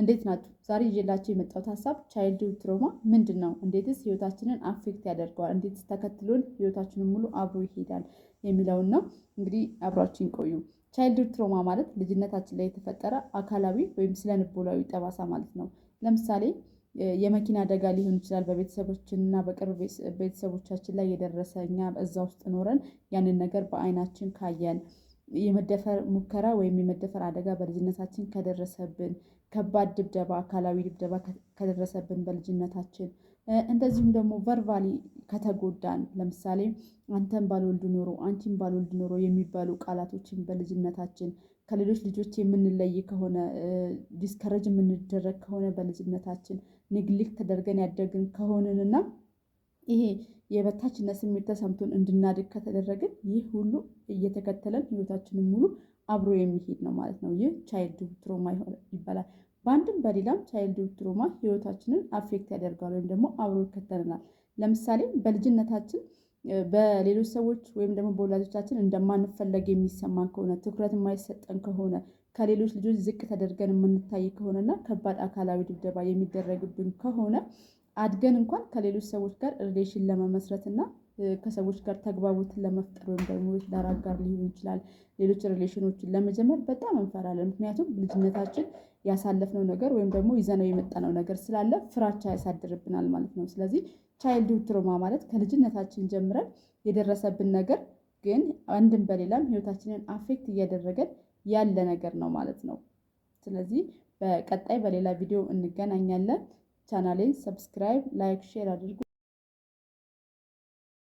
እንዴት ናችሁ? ዛሬ ይዤላችሁ የመጣሁት ሀሳብ ቻይልድ ትሮማ ምንድን ነው? እንዴትስ ህይወታችንን አፌክት ያደርገዋል? እንዴትስ ተከትሎን ህይወታችንን ሙሉ አብሮ ይሄዳል የሚለውን ነው። እንግዲህ አብራችን ቆዩ። ቻይልድ ትሮማ ማለት ልጅነታችን ላይ የተፈጠረ አካላዊ ወይም ስነ ጠባሳ ማለት ነው። ለምሳሌ የመኪና አደጋ ሊሆን ይችላል። በቤተሰቦችን እና በቅርብ ቤተሰቦቻችን ላይ የደረሰ እኛ እዛ ውስጥ ኖረን ያንን ነገር በአይናችን ካየን የመደፈር ሙከራ ወይም የመደፈር አደጋ በልጅነታችን ከደረሰብን ከባድ ድብደባ፣ አካላዊ ድብደባ ከደረሰብን በልጅነታችን እንደዚሁም ደግሞ ቨርባሊ ከተጎዳን ለምሳሌ አንተን ባልወልድ ኖሮ፣ አንቺን ባልወልድ ኖሮ የሚባሉ ቃላቶችን በልጅነታችን ከሌሎች ልጆች የምንለይ ከሆነ ዲስከረጅ የምንደረግ ከሆነ በልጅነታችን ንግሊክ ተደርገን ያደግን ከሆንንና ይሄ የበታችነት ስሜት ተሰምቶን እንድናድግ ከተደረግን ይህ ሁሉ እየተከተለን ህይወታችንን ሙሉ አብሮ የሚሄድ ነው ማለት ነው። ይህ ቻይልድ ትሮማ ይባላል። በአንድም በሌላም ቻይልድ ትሮማ ህይወታችንን አፌክት ያደርጋል ወይም ደግሞ አብሮ ይከተለናል። ለምሳሌ በልጅነታችን በሌሎች ሰዎች ወይም ደግሞ በወላጆቻችን እንደማንፈለግ የሚሰማን ከሆነ፣ ትኩረት የማይሰጠን ከሆነ፣ ከሌሎች ልጆች ዝቅ ተደርገን የምንታይ ከሆነና ከባድ አካላዊ ድብደባ የሚደረግብን ከሆነ አድገን እንኳን ከሌሎች ሰዎች ጋር ሪሌሽን ለመመስረት እና ከሰዎች ጋር ተግባቦትን ለመፍጠር ወይም ደግሞ የትዳር አጋር ሊሆን ይችላል ሌሎች ሪሌሽኖችን ለመጀመር በጣም እንፈራለን። ምክንያቱም ልጅነታችን ያሳለፍነው ነገር ወይም ደግሞ ይዘነው የመጣነው ነገር ስላለ ፍራቻ ያሳድርብናል ማለት ነው። ስለዚህ ቻይልድሁድ ትሮማ ማለት ከልጅነታችን ጀምረን የደረሰብን ነገር ግን አንድም በሌላም ህይወታችንን አፌክት እያደረገን ያለ ነገር ነው ማለት ነው። ስለዚህ በቀጣይ በሌላ ቪዲዮ እንገናኛለን ቻናሌን ሰብስክራይብ፣ ላይክ፣ ሼር አድርጉ።